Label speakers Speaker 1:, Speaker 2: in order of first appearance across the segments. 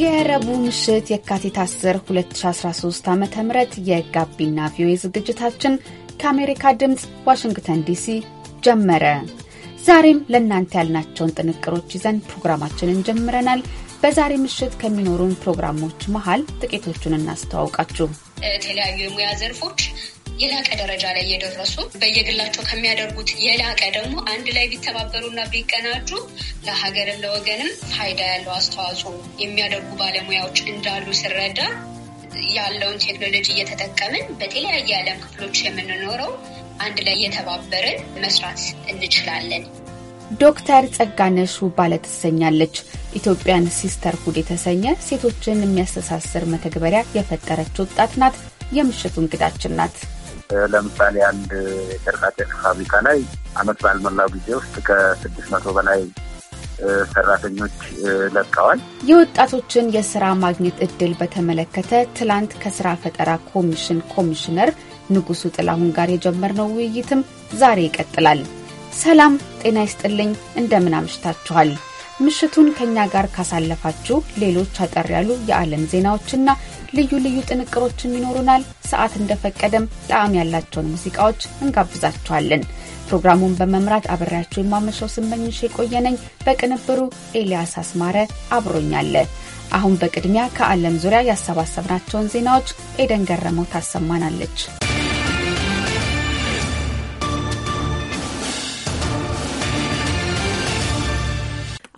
Speaker 1: የረቡዕ ምሽት የካቲት 10 2013 ዓ ም የጋቢና ቪዮኤ ዝግጅታችን ከአሜሪካ ድምፅ ዋሽንግተን ዲሲ ጀመረ። ዛሬም ለእናንተ ያልናቸውን ጥንቅሮች ይዘን ፕሮግራማችንን ጀምረናል። በዛሬ ምሽት ከሚኖሩን ፕሮግራሞች መሀል ጥቂቶቹን እናስተዋውቃችሁ።
Speaker 2: የተለያዩ የሙያ ዘርፎች የላቀ ደረጃ ላይ እየደረሱ በየግላቸው ከሚያደርጉት የላቀ ደግሞ አንድ ላይ ቢተባበሩና ቢቀናጁ ለሀገርም ለወገንም ፋይዳ ያለው አስተዋጽኦ የሚያደርጉ ባለሙያዎች እንዳሉ ስረዳ ያለውን ቴክኖሎጂ እየተጠቀምን በተለያየ ዓለም ክፍሎች የምንኖረው አንድ ላይ እየተባበርን መስራት እንችላለን።
Speaker 1: ዶክተር ጸጋነሹ ባለ ትሰኛለች። ኢትዮጵያን ሁድ የተሰኘ ሴቶችን የሚያስተሳስር መተግበሪያ የፈጠረች ወጣት ናት። የምሽቱ እንግዳችን ናት።
Speaker 3: ለምሳሌ አንድ የጨርቃጨርቅ ፋብሪካ ላይ አመት ባልሞላው ጊዜ ውስጥ ከስድስት መቶ በላይ ሰራተኞች ለቀዋል።
Speaker 1: የወጣቶችን የስራ ማግኘት እድል በተመለከተ ትላንት ከስራ ፈጠራ ኮሚሽን ኮሚሽነር ንጉሱ ጥላሁን ጋር የጀመርነው ውይይትም ዛሬ ይቀጥላል። ሰላም ጤና ይስጥልኝ። እንደምን አምሽታችኋል? ምሽቱን ከእኛ ጋር ካሳለፋችሁ ሌሎች አጠር ያሉ የዓለም ዜናዎችና ልዩ ልዩ ጥንቅሮችም ይኖሩናል። ሰዓት እንደፈቀደም ጣዕም ያላቸውን ሙዚቃዎች እንጋብዛችኋለን። ፕሮግራሙን በመምራት አብሬያችሁ የማመሻው ስመኝሽ የቆየነኝ፣ በቅንብሩ ኤልያስ አስማረ አብሮኛለ። አሁን በቅድሚያ ከዓለም ዙሪያ ያሰባሰብናቸውን ዜናዎች ኤደን ገረመው ታሰማናለች።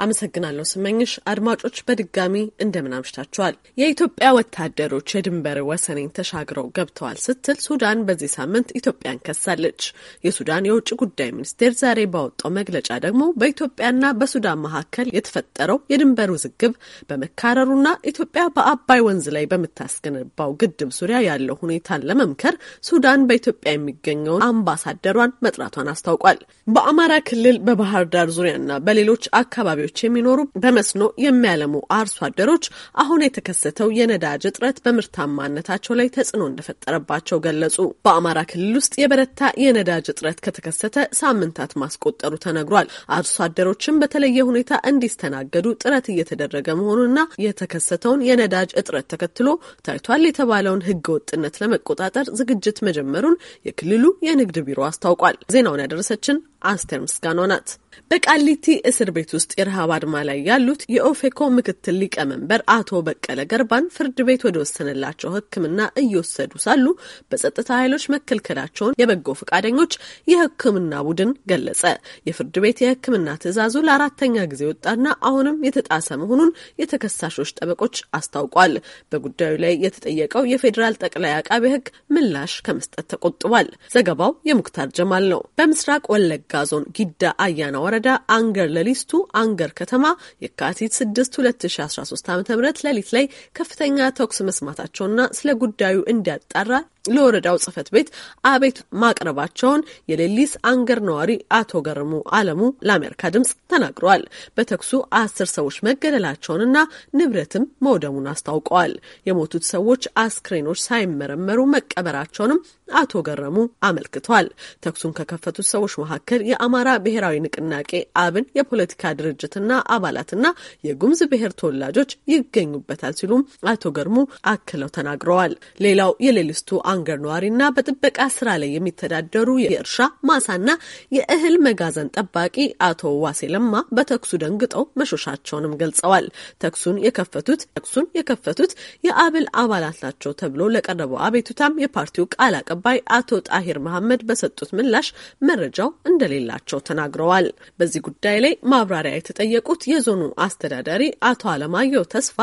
Speaker 4: አመሰግናለሁ ስመኝሽ። አድማጮች በድጋሚ እንደምን አምሽታችኋል። የኢትዮጵያ ወታደሮች የድንበር ወሰኔን ተሻግረው ገብተዋል ስትል ሱዳን በዚህ ሳምንት ኢትዮጵያን ከሳለች። የሱዳን የውጭ ጉዳይ ሚኒስቴር ዛሬ ባወጣው መግለጫ ደግሞ በኢትዮጵያና በሱዳን መካከል የተፈጠረው የድንበር ውዝግብ በመካረሩና ኢትዮጵያ በአባይ ወንዝ ላይ በምታስገነባው ግድብ ዙሪያ ያለው ሁኔታን ለመምከር ሱዳን በኢትዮጵያ የሚገኘውን አምባሳደሯን መጥራቷን አስታውቋል። በአማራ ክልል በባህር ዳር ዙሪያና በሌሎች አካባቢዎች አካባቢዎች የሚኖሩ በመስኖ የሚያለሙ አርሶ አደሮች አሁን የተከሰተው የነዳጅ እጥረት በምርታማነታቸው ላይ ተጽዕኖ እንደፈጠረባቸው ገለጹ። በአማራ ክልል ውስጥ የበረታ የነዳጅ እጥረት ከተከሰተ ሳምንታት ማስቆጠሩ ተነግሯል። አርሶ አደሮችም በተለየ ሁኔታ እንዲስተናገዱ ጥረት እየተደረገ መሆኑንና የተከሰተውን የነዳጅ እጥረት ተከትሎ ታይቷል የተባለውን ህገ ወጥነት ለመቆጣጠር ዝግጅት መጀመሩን የክልሉ የንግድ ቢሮ አስታውቋል። ዜናውን ያደረሰችን አስቴር ምስጋኗ ናት። በቃሊቲ እስር ቤት ውስጥ የረሃብ አድማ ላይ ያሉት የኦፌኮ ምክትል ሊቀመንበር አቶ በቀለ ገርባን ፍርድ ቤት ወደ ወሰነላቸው ሕክምና እየወሰዱ ሳሉ በጸጥታ ኃይሎች መከልከላቸውን የበጎ ፈቃደኞች የሕክምና ቡድን ገለጸ። የፍርድ ቤት የሕክምና ትዕዛዙ ለአራተኛ ጊዜ ወጣና አሁንም የተጣሰ መሆኑን የተከሳሾች ጠበቆች አስታውቋል። በጉዳዩ ላይ የተጠየቀው የፌዴራል ጠቅላይ አቃቤ ሕግ ምላሽ ከመስጠት ተቆጥቧል። ዘገባው የሙክታር ጀማል ነው። በምስራቅ ወለጋ ዞን ጊዳ አያናዋ ወረዳ አንገር ለሊስቱ አንገር ከተማ የካቲት 6 2013 ዓ ም ሌሊት ላይ ከፍተኛ ተኩስ መስማታቸውና ስለ ጉዳዩ እንዲያጣራ ለወረዳው ጽህፈት ቤት አቤት ማቅረባቸውን የሌሊስ አንገር ነዋሪ አቶ ገርሙ አለሙ ለአሜሪካ ድምጽ ተናግረዋል። በተኩሱ አስር ሰዎች መገደላቸውንና ንብረትም መውደሙን አስታውቀዋል። የሞቱት ሰዎች አስክሬኖች ሳይመረመሩ መቀበራቸውንም አቶ ገረሙ አመልክቷል። ተኩሱን ከከፈቱት ሰዎች መካከል የአማራ ብሔራዊ ንቅናቄ አብን የፖለቲካ ድርጅትና አባላትና የጉምዝ ብሔር ተወላጆች ይገኙበታል ሲሉም አቶ ገርሙ አክለው ተናግረዋል። ሌላው የሌሊስቱ አንገር ነዋሪና በጥበቃ ስራ ላይ የሚተዳደሩ የእርሻ ማሳና የእህል መጋዘን ጠባቂ አቶ ዋሴ ለማ በተኩሱ ደንግጠው መሾሻቸውንም ገልጸዋል። ተኩሱን የከፈቱት ተኩሱን የከፈቱት የአብል አባላት ናቸው ተብሎ ለቀረበው አቤቱታም የፓርቲው ቃል አቀባይ አቶ ጣሂር መሐመድ በሰጡት ምላሽ መረጃው እንደሌላቸው ተናግረዋል። በዚህ ጉዳይ ላይ ማብራሪያ የተጠየቁት የዞኑ አስተዳዳሪ አቶ አለማየሁ ተስፋ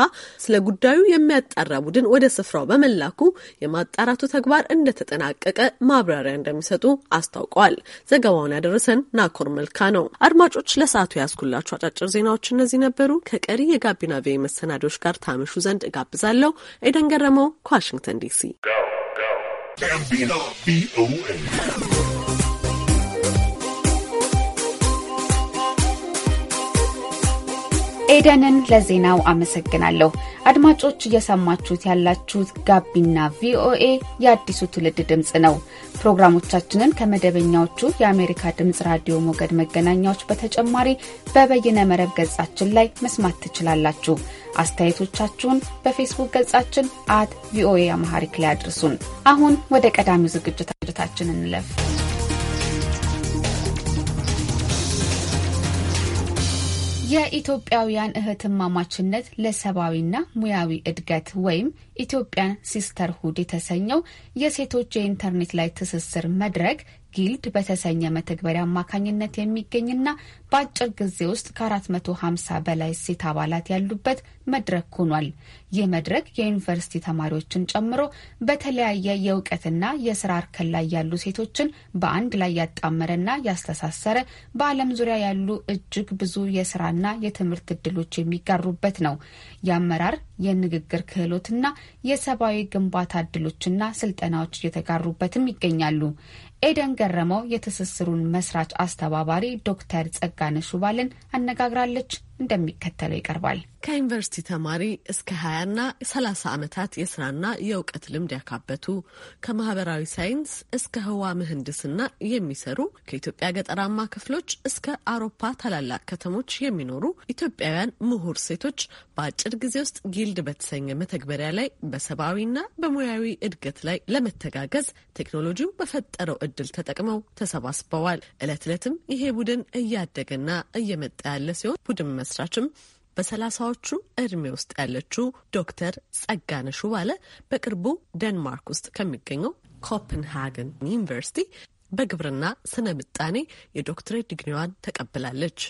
Speaker 4: ስለ ጉዳዩ የሚያጣራ ቡድን ወደ ስፍራው በመላኩ የማጣራቱ ተግባር እንደተጠናቀቀ ማብራሪያ እንደሚሰጡ አስታውቀዋል። ዘገባውን ያደረሰን ናኮር መልካ ነው። አድማጮች ለሰዓቱ ያዝኩላችሁ አጫጭር ዜናዎች እነዚህ ነበሩ። ከቀሪ የጋቢና ቪ መሰናዶች ጋር ታመሹ ዘንድ እጋብዛለሁ። ኤደን ገረመው ከዋሽንግተን ዲሲ
Speaker 1: ኤደንን ለዜናው አመሰግናለሁ። አድማጮች እየሰማችሁት ያላችሁት ጋቢና ቪኦኤ የአዲሱ ትውልድ ድምፅ ነው። ፕሮግራሞቻችንን ከመደበኛዎቹ የአሜሪካ ድምፅ ራዲዮ ሞገድ መገናኛዎች በተጨማሪ በበይነ መረብ ገጻችን ላይ መስማት ትችላላችሁ። አስተያየቶቻችሁን በፌስቡክ ገጻችን አት ቪኦኤ አማሐሪክ ላይ አድርሱን። አሁን ወደ ቀዳሚው ዝግጅታችን እንለፍ። የኢትዮጵያውያን እህትማማችነት ለሰብአዊና ሙያዊ እድገት ወይም ኢትዮጵያን ሲስተርሁድ የተሰኘው የሴቶች የኢንተርኔት ላይ ትስስር መድረክ ጊልድ በተሰኘ መተግበሪያ አማካኝነት የሚገኝና በአጭር ጊዜ ውስጥ ከ450 በላይ ሴት አባላት ያሉበት መድረክ ሆኗል። ይህ መድረክ የዩኒቨርሲቲ ተማሪዎችን ጨምሮ በተለያየ የእውቀትና የስራ እርከን ላይ ያሉ ሴቶችን በአንድ ላይ ያጣመረና ያስተሳሰረ በዓለም ዙሪያ ያሉ እጅግ ብዙ የስራና የትምህርት እድሎች የሚጋሩበት ነው። የአመራር የንግግር ክህሎትና የሰብአዊ ግንባታ እድሎችና ስልጠናዎች እየተጋሩበትም ይገኛሉ። ኤደን ገረመው የትስስሩን መስራች አስተባባሪ ዶክተር ጸጋነ ሹባልን አነጋግራለች። እንደሚከተለው ይቀርባል።
Speaker 4: ከዩኒቨርሲቲ ተማሪ እስከ 20ና 30 ዓመታት የስራና የእውቀት ልምድ ያካበቱ ከማህበራዊ ሳይንስ እስከ ህዋ ምህንድስና የሚሰሩ ከኢትዮጵያ ገጠራማ ክፍሎች እስከ አውሮፓ ታላላቅ ከተሞች የሚኖሩ ኢትዮጵያውያን ምሁር ሴቶች በአጭር ጊዜ ውስጥ ጊልድ በተሰኘ መተግበሪያ ላይ በሰብአዊና በሙያዊ እድገት ላይ ለመተጋገዝ ቴክኖሎጂው በፈጠረው እድል ተጠቅመው ተሰባስበዋል። ዕለት ዕለትም ይሄ ቡድን እያደገና እየመጣ ያለ ሲሆን ቡድን መስራችም በሰላሳዎቹ እድሜ ውስጥ ያለችው ዶክተር ጸጋነሽ ባለ በቅርቡ ደንማርክ ውስጥ ከሚገኘው ኮፕንሃገን ዩኒቨርሲቲ በግብርና ስነ ምጣኔ የዶክትሬት ዲግሪዋን ተቀብላለች።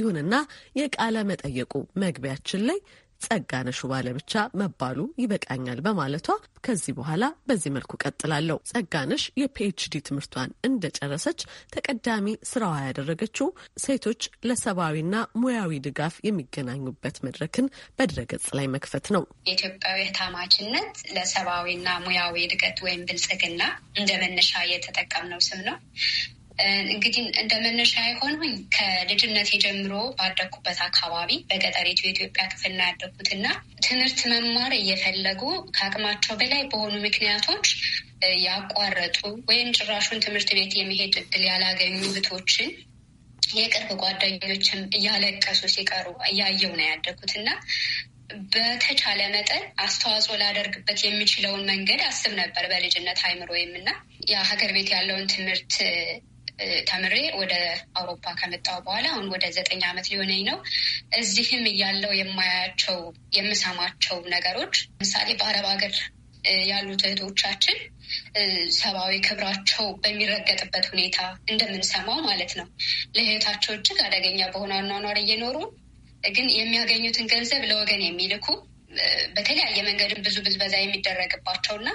Speaker 4: ይሁንና የቃለ መጠየቁ መግቢያችን ላይ ጸጋነሽ ባለብቻ መባሉ ይበቃኛል በማለቷ ከዚህ በኋላ በዚህ መልኩ ቀጥላለሁ። ጸጋነሽ የፒኤችዲ ትምህርቷን እንደጨረሰች ተቀዳሚ ስራዋ ያደረገችው ሴቶች ለሰብአዊና ሙያዊ ድጋፍ የሚገናኙበት መድረክን በድረገጽ ላይ መክፈት ነው።
Speaker 2: የኢትዮጵያዊ ህታማችነት ለሰብአዊና ሙያዊ እድገት ወይም ብልጽግና እንደ መነሻ የተጠቀምነው ስም ነው። እንግዲህ እንደ መነሻ የሆንሁኝ ከልጅነት ጀምሮ ባደኩበት አካባቢ በገጠሪቱ የኢትዮጵያ ክፍል ነው ያደኩት እና ትምህርት መማር እየፈለጉ ከአቅማቸው በላይ በሆኑ ምክንያቶች ያቋረጡ ወይም ጭራሹን ትምህርት ቤት የመሄድ እድል ያላገኙ እህቶችን የቅርብ ጓደኞችም እያለቀሱ ሲቀሩ እያየው ነው ያደኩት እና በተቻለ መጠን አስተዋጽኦ ላደርግበት የሚችለውን መንገድ አስብ ነበር በልጅነት ወይም እና የሀገር ቤት ያለውን ትምህርት ተምሬ ወደ አውሮፓ ከመጣሁ በኋላ አሁን ወደ ዘጠኝ ዓመት ሊሆነኝ ነው። እዚህም እያለው የማያቸው የምሰማቸው ነገሮች ለምሳሌ በአረብ ሀገር ያሉት እህቶቻችን ሰብአዊ ክብራቸው በሚረገጥበት ሁኔታ እንደምንሰማው ማለት ነው። ለህይወታቸው እጅግ አደገኛ በሆነ አኗኗር እየኖሩ ግን የሚያገኙትን ገንዘብ ለወገን የሚልኩ በተለያየ መንገድም ብዙ ብዝበዛ የሚደረግባቸውና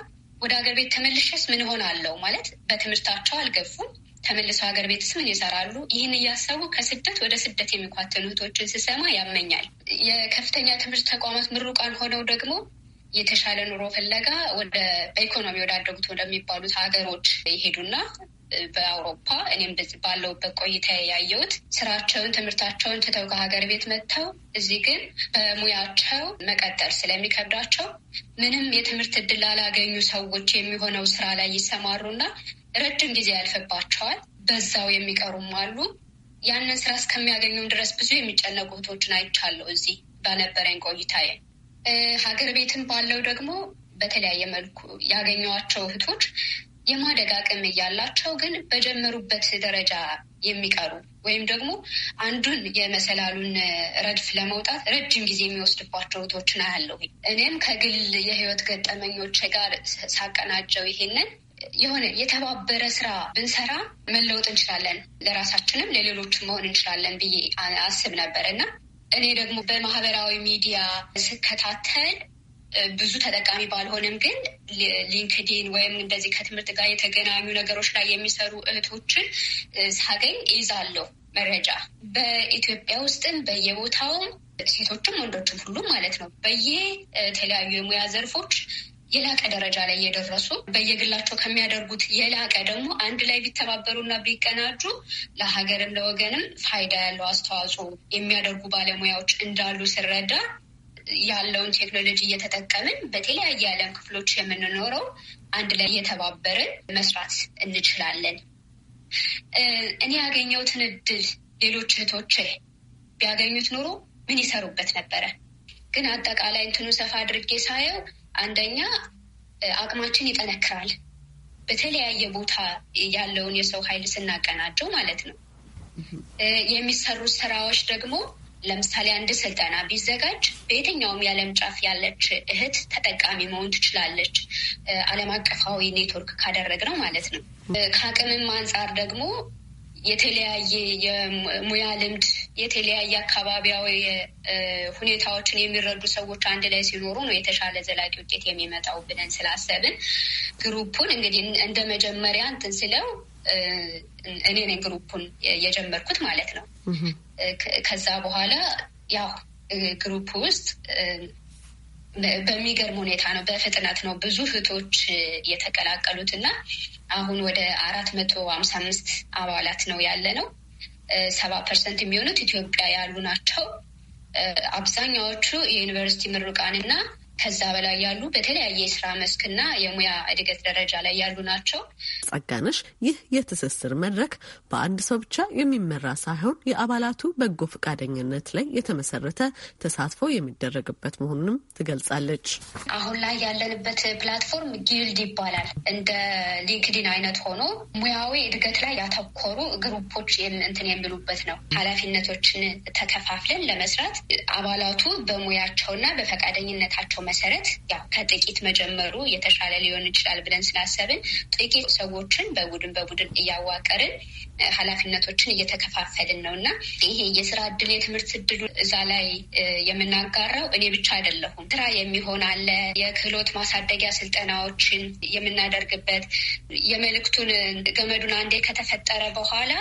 Speaker 2: ወደ ሀገር ቤት ተመልሸስ ምን አለው ማለት በትምህርታቸው አልገፉም ተመልሰው ሀገር ቤት ይሰራሉ። ይህን እያሰቡ ከስደት ወደ ስደት የሚኳተኑ እህቶችን ስሰማ ያመኛል። የከፍተኛ ትምህርት ተቋማት ምሩቃን ሆነው ደግሞ የተሻለ ኑሮ ፍለጋ ወደ በኢኮኖሚ ወዳደጉት ወደሚባሉት ሀገሮች ይሄዱና በአውሮፓ እኔም ባለውበት ቆይታ ያየሁት ስራቸውን፣ ትምህርታቸውን ትተው ከሀገር ቤት መጥተው እዚህ ግን በሙያቸው መቀጠል ስለሚከብዳቸው ምንም የትምህርት እድል ላላገኙ ሰዎች የሚሆነው ስራ ላይ ይሰማሩና ረጅም ጊዜ ያልፍባቸዋል። በዛው የሚቀሩም አሉ። ያንን ስራ እስከሚያገኙም ድረስ ብዙ የሚጨነቁ እህቶችን አይቻለሁ እዚህ በነበረኝ ቆይታዬ። ሀገር ቤትም ባለው ደግሞ በተለያየ መልኩ ያገኘዋቸው እህቶች የማደግ አቅም እያላቸው ግን በጀመሩበት ደረጃ የሚቀሩ ወይም ደግሞ አንዱን የመሰላሉን ረድፍ ለመውጣት ረጅም ጊዜ የሚወስድባቸው እህቶችን አያለሁ። እኔም ከግል የህይወት ገጠመኞች ጋር ሳቀናጀው ይሄንን የሆነ የተባበረ ስራ ብንሰራ መለወጥ እንችላለን፣ ለራሳችንም ለሌሎችም መሆን እንችላለን ብዬ አስብ ነበር እና እኔ ደግሞ በማህበራዊ ሚዲያ ስከታተል ብዙ ተጠቃሚ ባልሆንም ግን ሊንክዲን ወይም እንደዚህ ከትምህርት ጋር የተገናኙ ነገሮች ላይ የሚሰሩ እህቶችን ሳገኝ ይዛለሁ መረጃ በኢትዮጵያ ውስጥም በየቦታውም ሴቶችም ወንዶችም ሁሉም ማለት ነው በየ የተለያዩ የሙያ ዘርፎች የላቀ ደረጃ ላይ እየደረሱ በየግላቸው ከሚያደርጉት የላቀ ደግሞ አንድ ላይ ቢተባበሩና ቢቀናጁ ለሀገርም ለወገንም ፋይዳ ያለው አስተዋጽኦ የሚያደርጉ ባለሙያዎች እንዳሉ ስረዳ ያለውን ቴክኖሎጂ እየተጠቀምን በተለያየ ዓለም ክፍሎች የምንኖረው አንድ ላይ እየተባበርን መስራት እንችላለን። እኔ ያገኘሁትን እድል ሌሎች እህቶቼ ቢያገኙት ኑሮ ምን ይሰሩበት ነበረ? ግን አጠቃላይ እንትኑ ሰፋ አድርጌ ሳየው አንደኛ አቅማችን ይጠነክራል። በተለያየ ቦታ ያለውን የሰው ኃይል ስናቀናጀው ማለት ነው። የሚሰሩ ስራዎች ደግሞ ለምሳሌ አንድ ስልጠና ቢዘጋጅ በየትኛውም የዓለም ጫፍ ያለች እህት ተጠቃሚ መሆን ትችላለች። ዓለም አቀፋዊ ኔትወርክ ካደረግ ነው ማለት ነው። ከአቅምም አንጻር ደግሞ የተለያየ የሙያ ልምድ የተለያየ አካባቢያዊ ሁኔታዎችን የሚረዱ ሰዎች አንድ ላይ ሲኖሩ ነው የተሻለ ዘላቂ ውጤት የሚመጣው ብለን ስላሰብን ግሩፑን እንግዲህ እንደ መጀመሪያ እንትን ስለው እኔ ነኝ ግሩፑን የጀመርኩት ማለት ነው። ከዛ በኋላ ያው ግሩፕ ውስጥ በሚገርም ሁኔታ ነው፣ በፍጥነት ነው ብዙ እህቶች የተቀላቀሉት እና አሁን ወደ አራት መቶ ሀምሳ አምስት አባላት ነው ያለ ነው። ሰባ ፐርሰንት የሚሆኑት ኢትዮጵያ ያሉ ናቸው። አብዛኛዎቹ የዩኒቨርሲቲ ምሩቃን እና ከዛ በላይ ያሉ በተለያየ የስራ መስክና የሙያ እድገት ደረጃ ላይ ያሉ ናቸው።
Speaker 4: ጸጋነሽ ይህ የትስስር መድረክ በአንድ ሰው ብቻ የሚመራ ሳይሆን የአባላቱ በጎ ፈቃደኝነት ላይ የተመሰረተ ተሳትፎ የሚደረግበት መሆኑንም ትገልጻለች።
Speaker 2: አሁን ላይ ያለንበት ፕላትፎርም ጊልድ ይባላል። እንደ ሊንክዲን አይነት ሆኖ ሙያዊ እድገት ላይ ያተኮሩ ግሩፖች እንትን የሚሉበት ነው። ኃላፊነቶችን ተከፋፍለን ለመስራት አባላቱ በሙያቸውና በፈቃደኝነታቸው መሰረት ያው ከጥቂት መጀመሩ የተሻለ ሊሆን ይችላል ብለን ስላሰብን ጥቂት ሰዎችን በቡድን በቡድን እያዋቀርን ኃላፊነቶችን እየተከፋፈልን ነው እና ይሄ የስራ እድል የትምህርት እድሉ እዛ ላይ የምናጋራው እኔ ብቻ አይደለሁም። ስራ የሚሆን አለ፣ የክህሎት ማሳደጊያ ስልጠናዎችን የምናደርግበት የመልእክቱን ገመዱን አንዴ ከተፈጠረ በኋላ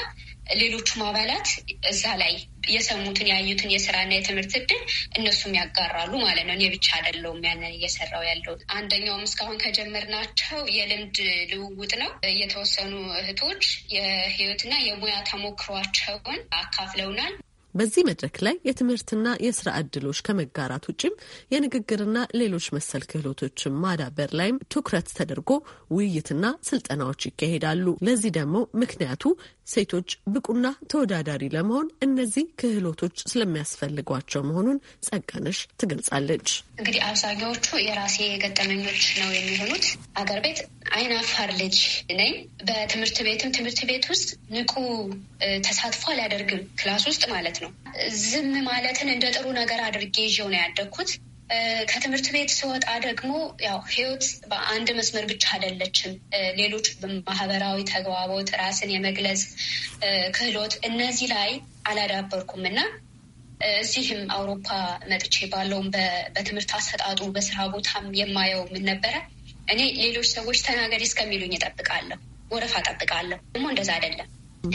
Speaker 2: ሌሎቹም አባላት እዛ ላይ የሰሙትን ያዩትን የስራና የትምህርት እድል እነሱም ያጋራሉ ማለት ነው። እኔ ብቻ አይደለሁም ያንን እየሰራው ያለው። አንደኛውም እስካሁን ከጀመርናቸው የልምድ ልውውጥ ነው። የተወሰኑ እህቶች የህይወትና የሙያ ተሞክሯቸውን አካፍለውናል።
Speaker 4: በዚህ መድረክ ላይ የትምህርትና የስራ ዕድሎች ከመጋራት ውጭም የንግግርና ሌሎች መሰል ክህሎቶችን ማዳበር ላይም ትኩረት ተደርጎ ውይይትና ስልጠናዎች ይካሄዳሉ። ለዚህ ደግሞ ምክንያቱ ሴቶች ብቁና ተወዳዳሪ ለመሆን እነዚህ ክህሎቶች ስለሚያስፈልጓቸው መሆኑን ጸጋነሽ ትገልጻለች።
Speaker 2: እንግዲህ አብዛኛዎቹ የራሴ ገጠመኞች ነው የሚሆኑት አገር ቤት አይናፋር ልጅ ነኝ። በትምህርት ቤትም ትምህርት ቤት ውስጥ ንቁ ተሳትፎ አላደርግም፣ ክላስ ውስጥ ማለት ነው። ዝም ማለትን እንደ ጥሩ ነገር አድርጌ ይዤው ነው ያደግኩት። ከትምህርት ቤት ስወጣ ደግሞ ያው ህይወት በአንድ መስመር ብቻ አይደለችም። ሌሎች ማህበራዊ ተግባቦት፣ ራስን የመግለጽ ክህሎት እነዚህ ላይ አላዳበርኩም እና እዚህም አውሮፓ መጥቼ ባለውም በትምህርት አሰጣጡ በስራ ቦታም የማየው ምን ነበረ እኔ ሌሎች ሰዎች ተናገሪ እስከሚሉኝ እጠብቃለሁ፣ ወረፋ እጠብቃለሁ። ደግሞ እንደዛ አይደለም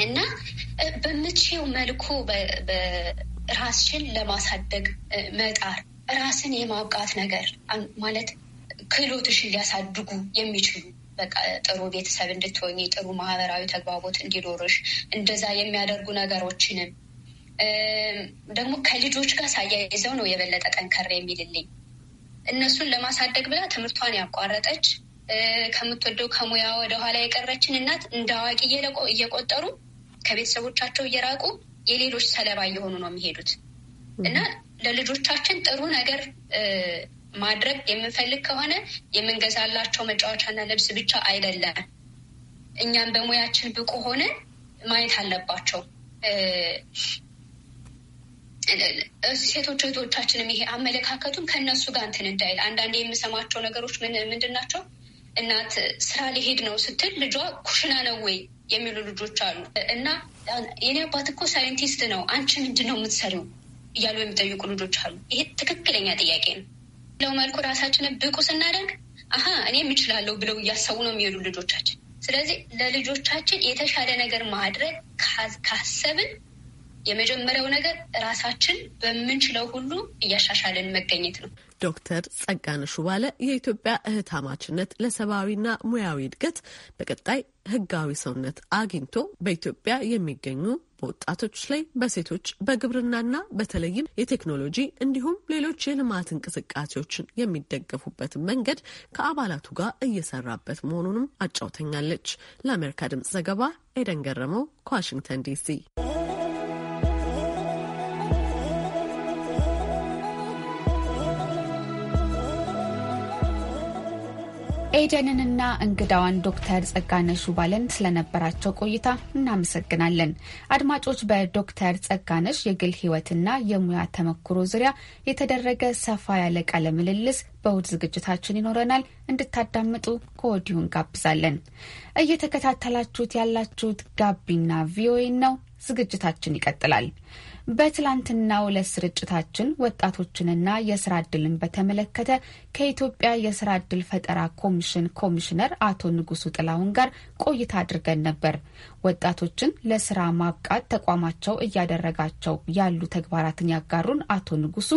Speaker 2: እና በምችው መልኩ ራስሽን ለማሳደግ መጣር ራስን የማብቃት ነገር ማለት ክህሎትሽን ሊያሳድጉ የሚችሉ በቃ ጥሩ ቤተሰብ እንድትሆኝ ጥሩ ማህበራዊ ተግባቦት እንዲኖርሽ እንደዛ የሚያደርጉ ነገሮችንም ደግሞ ከልጆች ጋር ሳያይዘው ነው የበለጠ ጠንከር የሚልልኝ እነሱን ለማሳደግ ብላ ትምህርቷን ያቋረጠች ከምትወደው ከሙያ ወደኋላ የቀረችን እናት እንደ አዋቂ እየቆጠሩ ከቤተሰቦቻቸው እየራቁ የሌሎች ሰለባ እየሆኑ ነው የሚሄዱት እና ለልጆቻችን ጥሩ ነገር ማድረግ የምንፈልግ ከሆነ የምንገዛላቸው መጫወቻና ልብስ ብቻ አይደለም። እኛም በሙያችን ብቁ ሆነ ማየት አለባቸው። ሴቶች እህቶቻችንም ይሄ አመለካከቱም ከእነሱ ጋር እንትን እንዳይል አንዳንድ የምሰማቸው ነገሮች ምንድን ናቸው? እናት ስራ ሊሄድ ነው ስትል ልጇ ኩሽና ነው ወይ የሚሉ ልጆች አሉ። እና የኔ አባት እኮ ሳይንቲስት ነው አንቺ ምንድን ነው የምትሰሪው እያሉ የሚጠይቁ ልጆች አሉ። ይሄ ትክክለኛ ጥያቄ ነው። ለው መልኩ ራሳችንን ብቁ ስናደርግ አሀ እኔ የምችላለሁ ብለው እያሰቡ ነው የሚሄዱ ልጆቻችን። ስለዚህ ለልጆቻችን የተሻለ ነገር ማድረግ ካሰብን የመጀመሪያው ነገር ራሳችን በምንችለው ሁሉ እያሻሻልን መገኘት ነው።
Speaker 4: ዶክተር ጸጋነሹ ባለ የኢትዮጵያ እህትማማችነት ለሰብአዊና ሙያዊ እድገት በቀጣይ ህጋዊ ሰውነት አግኝቶ በኢትዮጵያ የሚገኙ በወጣቶች ላይ በሴቶች በግብርናና በተለይም የቴክኖሎጂ እንዲሁም ሌሎች የልማት እንቅስቃሴዎችን የሚደገፉበትን መንገድ ከአባላቱ ጋር እየሰራበት መሆኑንም አጫውተኛለች። ለአሜሪካ ድምጽ ዘገባ ኤደን ገረመው ከዋሽንግተን ዲሲ
Speaker 1: ኤደንንና እንግዳዋን ዶክተር ጸጋነሽ ባለን ስለነበራቸው ቆይታ እናመሰግናለን። አድማጮች በዶክተር ጸጋነሽ የግል ሕይወትና የሙያ ተመክሮ ዙሪያ የተደረገ ሰፋ ያለ ቃለ ምልልስ በውድ ዝግጅታችን ይኖረናል። እንድታዳምጡ ከወዲሁ እንጋብዛለን። እየተከታተላችሁት ያላችሁት ጋቢና ቪኦኤ ነው። ዝግጅታችን ይቀጥላል። በትላንትናው ዕለት ስርጭታችን ወጣቶችንና የስራ እድልን በተመለከተ ከኢትዮጵያ የስራ እድል ፈጠራ ኮሚሽን ኮሚሽነር አቶ ንጉሱ ጥላሁን ጋር ቆይታ አድርገን ነበር። ወጣቶችን ለስራ ማብቃት ተቋማቸው እያደረጋቸው ያሉ ተግባራትን ያጋሩን አቶ ንጉሱ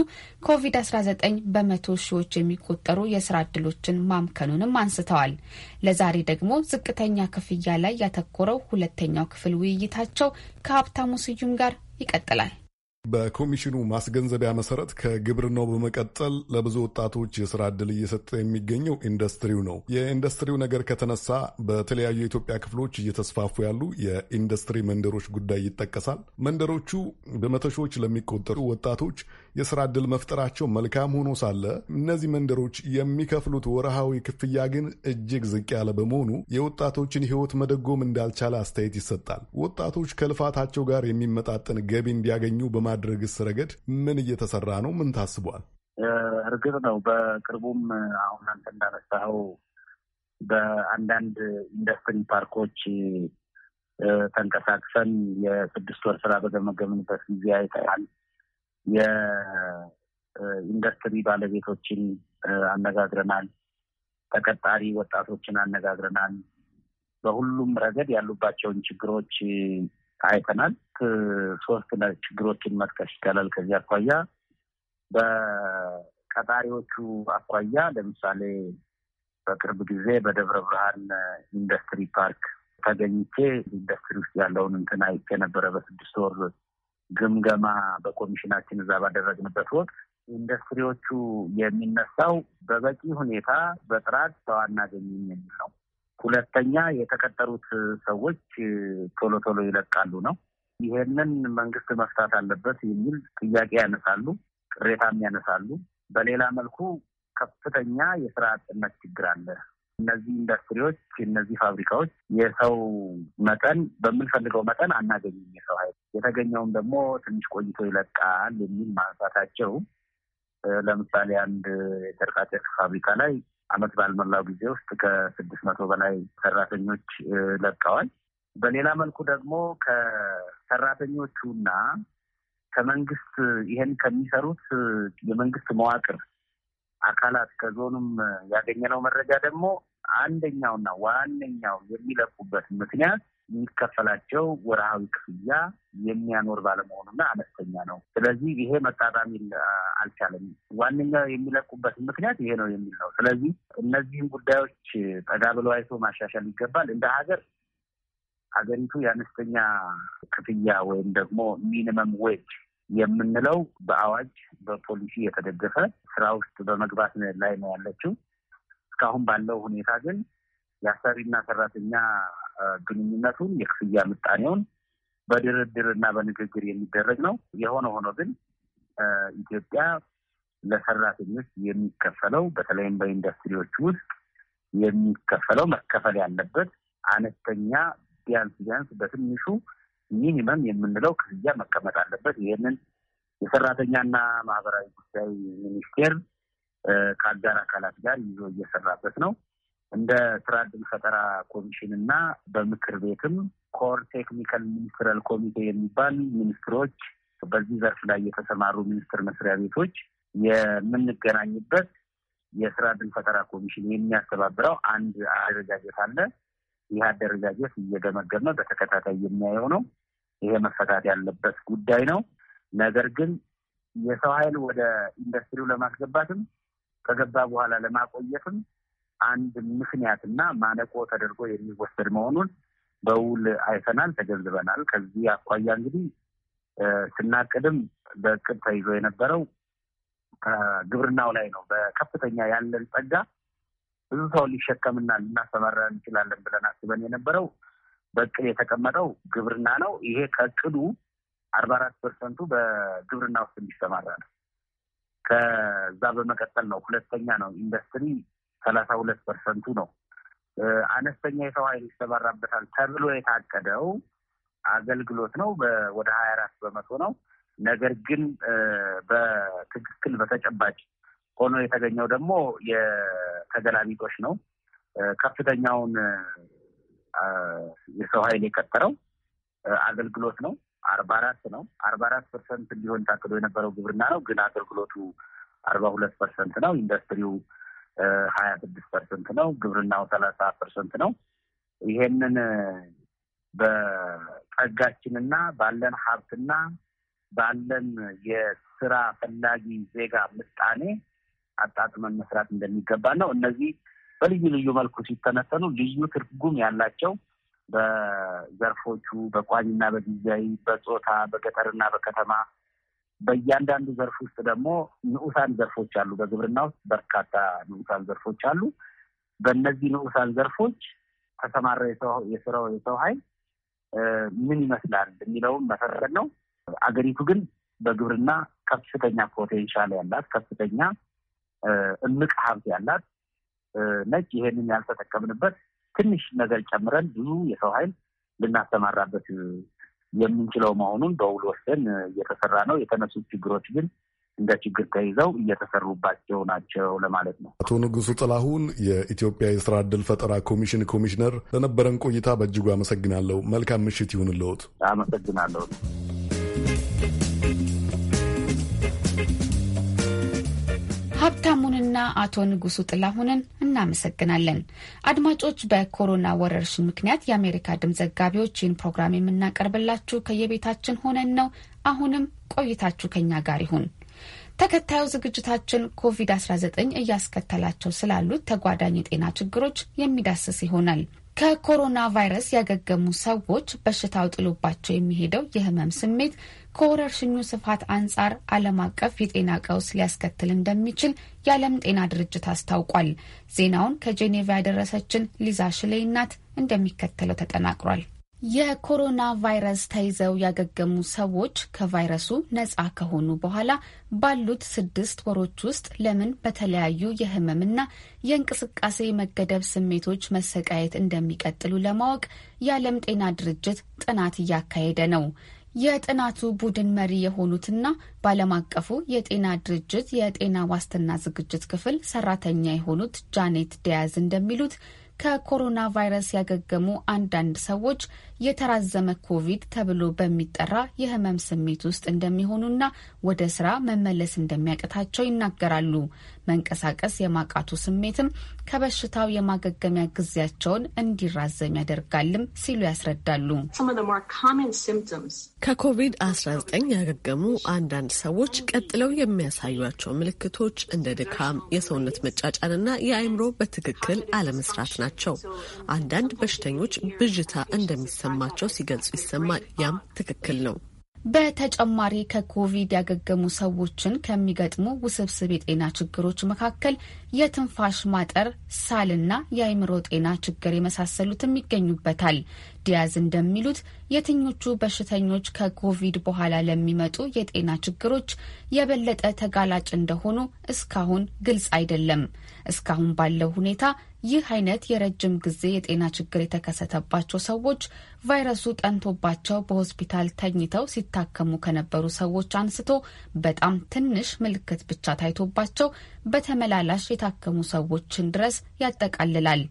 Speaker 1: ኮቪድ-19 በመቶ ሺዎች የሚቆጠሩ የስራ እድሎችን ማምከኑንም አንስተዋል። ለዛሬ ደግሞ ዝቅተኛ ክፍያ ላይ ያተኮረው ሁለተኛው ክፍል ውይይታቸው ከሀብታሙ ስዩም ጋር ይቀጥላል።
Speaker 5: በኮሚሽኑ ማስገንዘቢያ መሰረት ከግብርናው በመቀጠል ለብዙ ወጣቶች የስራ ዕድል እየሰጠ የሚገኘው ኢንዱስትሪው ነው። የኢንዱስትሪው ነገር ከተነሳ በተለያዩ የኢትዮጵያ ክፍሎች እየተስፋፉ ያሉ የኢንዱስትሪ መንደሮች ጉዳይ ይጠቀሳል። መንደሮቹ በመቶ ሺዎች ለሚቆጠሩ ወጣቶች የስራ ዕድል መፍጠራቸው መልካም ሆኖ ሳለ እነዚህ መንደሮች የሚከፍሉት ወርሃዊ ክፍያ ግን እጅግ ዝቅ ያለ በመሆኑ የወጣቶችን ሕይወት መደጎም እንዳልቻለ አስተያየት ይሰጣል። ወጣቶች ከልፋታቸው ጋር የሚመጣጠን ገቢ እንዲያገኙ በማድረግስ ረገድ ምን እየተሰራ ነው? ምን ታስቧል?
Speaker 3: እርግጥ ነው በቅርቡም አሁን አንተ እንዳነሳኸው በአንዳንድ ኢንዱስትሪ ፓርኮች ተንቀሳቅሰን የስድስት ወር ስራ በገመገምንበት ጊዜ አይተናል። የኢንዱስትሪ ባለቤቶችን አነጋግረናል። ተቀጣሪ ወጣቶችን አነጋግረናል። በሁሉም ረገድ ያሉባቸውን ችግሮች አይተናል። ሶስት ችግሮችን መጥቀስ ይቻላል። ከዚህ አኳያ በቀጣሪዎቹ አኳያ ለምሳሌ በቅርብ ጊዜ በደብረ ብርሃን ኢንዱስትሪ ፓርክ ተገኝቼ ኢንዱስትሪ ውስጥ ያለውን እንትን አይቼ ነበረ። በስድስት ወር ግምገማ በኮሚሽናችን እዛ ባደረግንበት ወቅት ኢንዱስትሪዎቹ የሚነሳው በበቂ ሁኔታ በጥራት ሰው አናገኝም የሚል ነው። ሁለተኛ የተቀጠሩት ሰዎች ቶሎ ቶሎ ይለቃሉ ነው። ይሄንን መንግስት መፍታት አለበት የሚል ጥያቄ ያነሳሉ፣ ቅሬታም ያነሳሉ። በሌላ መልኩ ከፍተኛ የስራ አጥነት ችግር አለ። እነዚህ ኢንዱስትሪዎች እነዚህ ፋብሪካዎች የሰው መጠን በምንፈልገው መጠን አናገኝም። የሰው ኃይል የተገኘውም ደግሞ ትንሽ ቆይቶ ይለቃል የሚል ማንሳታቸው ለምሳሌ አንድ የጨርቃጨርቅ ፋብሪካ ላይ ዓመት ባልሞላው ጊዜ ውስጥ ከስድስት መቶ በላይ ሰራተኞች ለቀዋል። በሌላ መልኩ ደግሞ ከሰራተኞቹና ከመንግስት ይሄን ከሚሰሩት የመንግስት መዋቅር አካላት ከዞኑም ያገኘነው መረጃ ደግሞ አንደኛውና ዋነኛው የሚለቁበት ምክንያት የሚከፈላቸው ወርሃዊ ክፍያ የሚያኖር ባለመሆኑና አነስተኛ ነው። ስለዚህ ይሄ መጣጣሚ አልቻለም። ዋነኛው የሚለቁበት ምክንያት ይሄ ነው የሚል ነው። ስለዚህ እነዚህን ጉዳዮች ጠጋ ብሎ አይቶ ማሻሻል ይገባል። እንደ ሀገር ሀገሪቱ የአነስተኛ ክፍያ ወይም ደግሞ ሚኒመም ዌጅ የምንለው በአዋጅ በፖሊሲ የተደገፈ ስራ ውስጥ በመግባት ላይ ነው ያለችው። እስካሁን ባለው ሁኔታ ግን የአሰሪና ሰራተኛ ግንኙነቱን የክፍያ ምጣኔውን በድርድር እና በንግግር የሚደረግ ነው። የሆነ ሆኖ ግን ኢትዮጵያ ለሰራተኞች የሚከፈለው በተለይም በኢንዱስትሪዎች ውስጥ የሚከፈለው መከፈል ያለበት አነስተኛ ቢያንስ ቢያንስ በትንሹ ሚኒመም የምንለው ክፍያ መቀመጥ አለበት። ይህንን የሰራተኛና ማህበራዊ ጉዳይ ሚኒስቴር ከአጋር አካላት ጋር ይዞ እየሰራበት ነው። እንደ ስራ እድል ፈጠራ ኮሚሽን እና በምክር ቤትም ኮር ቴክኒካል ሚኒስትራል ኮሚቴ የሚባል ሚኒስትሮች በዚህ ዘርፍ ላይ የተሰማሩ ሚኒስትር መስሪያ ቤቶች የምንገናኝበት የስራ ዕድል ፈጠራ ኮሚሽን የሚያስተባብረው አንድ አደረጃጀት አለ። ይህ አደረጃጀት እየገመገመ በተከታታይ የሚያየው ነው። ይሄ መፈታት ያለበት ጉዳይ ነው። ነገር ግን የሰው ኃይል ወደ ኢንዱስትሪው ለማስገባትም ከገባ በኋላ ለማቆየትም አንድ ምክንያት እና ማነቆ ተደርጎ የሚወሰድ መሆኑን በውል አይተናል፣ ተገንዝበናል። ከዚህ አኳያ እንግዲህ ስናቅድም በእቅድ ተይዞ የነበረው ግብርናው ላይ ነው። በከፍተኛ ያለን ጸጋ ብዙ ሰው ሊሸከምና ልናሰማራ እንችላለን ብለን አስበን የነበረው በእቅድ የተቀመጠው ግብርና ነው። ይሄ ከእቅዱ አርባ አራት ፐርሰንቱ በግብርና ውስጥ የሚሰማራ ነው። ከዛ በመቀጠል ነው ሁለተኛ ነው ኢንዱስትሪ ሰላሳ ሁለት ፐርሰንቱ ነው። አነስተኛ የሰው ኃይል ይሰማራበታል ተብሎ የታቀደው አገልግሎት ነው ወደ ሀያ አራት በመቶ ነው። ነገር ግን በትክክል በተጨባጭ ሆኖ የተገኘው ደግሞ የተገላቢጦሽ ነው። ከፍተኛውን የሰው ኃይል የቀጠረው አገልግሎት ነው። አርባ አራት ነው። አርባ አራት ፐርሰንት እንዲሆን ታቅዶ የነበረው ግብርና ነው፣ ግን አገልግሎቱ አርባ ሁለት ፐርሰንት ነው። ኢንዱስትሪው ሀያ ስድስት ፐርሰንት ነው። ግብርናው ሰላሳ ፐርሰንት ነው። ይሄንን በጸጋችንና ባለን ሀብትና ባለን የስራ ፈላጊ ዜጋ ምጣኔ አጣጥመን መስራት እንደሚገባ ነው። እነዚህ በልዩ ልዩ መልኩ ሲተነተኑ ልዩ ትርጉም ያላቸው በዘርፎቹ በቋሚና በጊዜያዊ በጾታ በገጠርና በከተማ በእያንዳንዱ ዘርፍ ውስጥ ደግሞ ንዑሳን ዘርፎች አሉ። በግብርና ውስጥ በርካታ ንዑሳን ዘርፎች አሉ። በእነዚህ ንዑሳን ዘርፎች ተሰማራ የስራው የሰው ኃይል ምን ይመስላል የሚለውን መሰረት ነው። አገሪቱ ግን በግብርና ከፍተኛ ፖቴንሻል ያላት ከፍተኛ እምቅ ሀብት ያላት ነች። ይሄንን ያልተጠቀምንበት ትንሽ ነገር ጨምረን ብዙ የሰው ኃይል ልናሰማራበት የምንችለው መሆኑን በውል ወሰን እየተሰራ ነው። የተነሱት ችግሮች ግን እንደ ችግር ተይዘው እየተሰሩባቸው ናቸው ለማለት ነው።
Speaker 5: አቶ ንጉሱ ጥላሁን የኢትዮጵያ የስራ እድል ፈጠራ ኮሚሽን ኮሚሽነር፣ ለነበረን ቆይታ በእጅጉ አመሰግናለሁ። መልካም ምሽት ይሁንልዎት። አመሰግናለሁ።
Speaker 1: ሀብታሙንና አቶ ንጉሱ ጥላሁንን እናመሰግናለን። አድማጮች፣ በኮሮና ወረርሽኝ ምክንያት የአሜሪካ ድምፅ ዘጋቢዎች ይህን ፕሮግራም የምናቀርብላችሁ ከየቤታችን ሆነን ነው። አሁንም ቆይታችሁ ከኛ ጋር ይሁን። ተከታዩ ዝግጅታችን ኮቪድ-19 እያስከተላቸው ስላሉት ተጓዳኝ የጤና ችግሮች የሚዳስስ ይሆናል። ከኮሮና ቫይረስ ያገገሙ ሰዎች በሽታው ጥሎባቸው የሚሄደው የህመም ስሜት ከወረርሽኙ ስፋት አንጻር ዓለም አቀፍ የጤና ቀውስ ሊያስከትል እንደሚችል የዓለም ጤና ድርጅት አስታውቋል። ዜናውን ከጄኔቫ ያደረሰችን ሊዛ ሽሌይ ናት፣ እንደሚከተለው ተጠናቅሯል። የኮሮና ቫይረስ ተይዘው ያገገሙ ሰዎች ከቫይረሱ ነጻ ከሆኑ በኋላ ባሉት ስድስት ወሮች ውስጥ ለምን በተለያዩ የህመምና የእንቅስቃሴ መገደብ ስሜቶች መሰቃየት እንደሚቀጥሉ ለማወቅ የዓለም ጤና ድርጅት ጥናት እያካሄደ ነው። የጥናቱ ቡድን መሪ የሆኑትና በዓለም አቀፉ የጤና ድርጅት የጤና ዋስትና ዝግጅት ክፍል ሰራተኛ የሆኑት ጃኔት ዲያዝ እንደሚሉት ከኮሮና ቫይረስ ያገገሙ አንዳንድ ሰዎች የተራዘመ ኮቪድ ተብሎ በሚጠራ የህመም ስሜት ውስጥ እንደሚሆኑና ወደ ስራ መመለስ እንደሚያቅታቸው ይናገራሉ። መንቀሳቀስ የማቃቱ ስሜትም ከበሽታው የማገገሚያ ጊዜያቸውን እንዲራዘም ያደርጋልም ሲሉ ያስረዳሉ።
Speaker 4: ከኮቪድ-19 ያገገሙ አንዳንድ ሰዎች ቀጥለው የሚያሳዩቸው ምልክቶች እንደ ድካም፣ የሰውነት መጫጫንና የአእምሮ በትክክል አለመስራት ናቸው። አንዳንድ በሽተኞች ብዥታ እንደሚሰ እንደሚሰማቸው ሲገልጹ ይሰማል። ያም ትክክል ነው።
Speaker 1: በተጨማሪ ከኮቪድ ያገገሙ ሰዎችን ከሚገጥሙ ውስብስብ የጤና ችግሮች መካከል የትንፋሽ ማጠር፣ ሳልና የአይምሮ ጤና ችግር የመሳሰሉትም ይገኙበታል። ዲያዝ እንደሚሉት የትኞቹ በሽተኞች ከኮቪድ በኋላ ለሚመጡ የጤና ችግሮች የበለጠ ተጋላጭ እንደሆኑ እስካሁን ግልጽ አይደለም። እስካሁን ባለው ሁኔታ ይህ አይነት የረጅም ጊዜ የጤና ችግር የተከሰተባቸው ሰዎች ቫይረሱ ጠንቶባቸው በሆስፒታል ተኝተው ሲታከሙ ከነበሩ ሰዎች አንስቶ በጣም ትንሽ ምልክት ብቻ ታይቶባቸው በተመላላሽ የታከሙ ሰዎችን ድረስ ያጠቃልላል።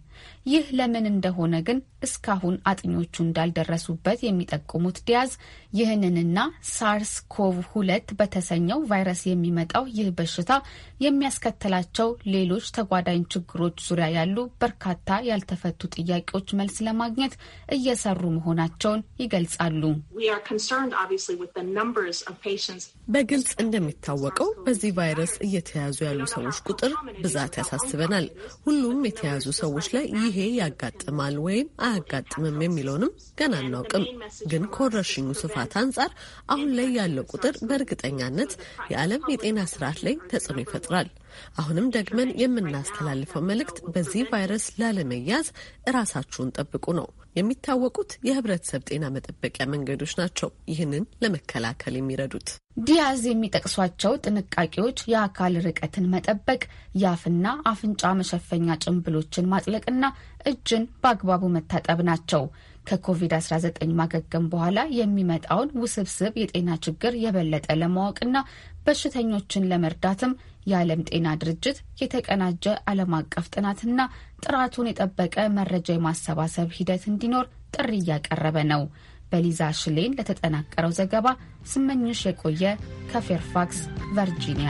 Speaker 1: ይህ ለምን እንደሆነ ግን እስካሁን አጥኞቹ እንዳልደረሱበት የሚጠቁሙት ዲያዝ ይህንንና ሳርስ ኮቭ ሁለት በተሰኘው ቫይረስ የሚመጣው ይህ በሽታ የሚያስከትላቸው ሌሎች ተጓዳኝ ችግሮች ዙሪያ ያሉ በርካታ ያልተፈቱ ጥያቄዎች መልስ ለማግኘት እየሰሩ መሆናቸውን
Speaker 4: ይገልጻሉ። በግልጽ እንደሚታወቀው በዚህ ቫይረስ እየተያዙ ያሉ ሰዎች ቁጥር ብዛት ያሳስበናል። ሁሉም የተያዙ ሰዎች ላይ ይሄ ያጋጥማል ወይም አያጋጥምም የሚለውንም ገና አናውቅም። ግን ከወረርሽኙ ስፋት አንጻር አሁን ላይ ያለው ቁጥር በእርግጠኛነት የዓለም የጤና ስርዓት ላይ ተጽዕኖ ይፈጥራል። አሁንም ደግመን የምናስተላልፈው መልእክት በዚህ ቫይረስ ላለመያዝ እራሳችሁን ጠብቁ ነው። የሚታወቁት የህብረተሰብ ጤና መጠበቂያ መንገዶች ናቸው ይህንን ለመከላከል የሚረዱት። ዲያዝ የሚጠቅሷቸው
Speaker 1: ጥንቃቄዎች የአካል ርቀትን መጠበቅ፣ የአፍና አፍንጫ መሸፈኛ ጭንብሎችን ማጥለቅና እጅን በአግባቡ መታጠብ ናቸው። ከኮቪድ-19 ማገገም በኋላ የሚመጣውን ውስብስብ የጤና ችግር የበለጠ ለማወቅና በሽተኞችን ለመርዳትም የዓለም ጤና ድርጅት የተቀናጀ ዓለም አቀፍ ጥናትና ጥራቱን የጠበቀ መረጃ የማሰባሰብ ሂደት እንዲኖር ጥሪ እያቀረበ ነው። በሊዛ ሽሌን ለተጠናቀረው ዘገባ ስመኝሽ የቆየ ከፌርፋክስ ቨርጂኒያ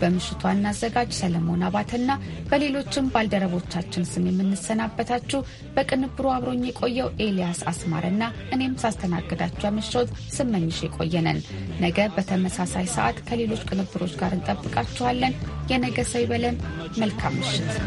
Speaker 1: በምሽቱ አናዘጋጅ ሰለሞን አባተና በሌሎችም ባልደረቦቻችን ስም የምንሰናበታችሁ በቅንብሩ አብሮኝ የቆየው ኤልያስ አስማረና እኔም ሳስተናግዳችሁ ያመሸሁት ስመኝሽ የቆየነን። ነገ በተመሳሳይ ሰዓት ከሌሎች ቅንብሮች ጋር እንጠብቃችኋለን። የነገ ሰው ይበለን። መልካም ምሽት።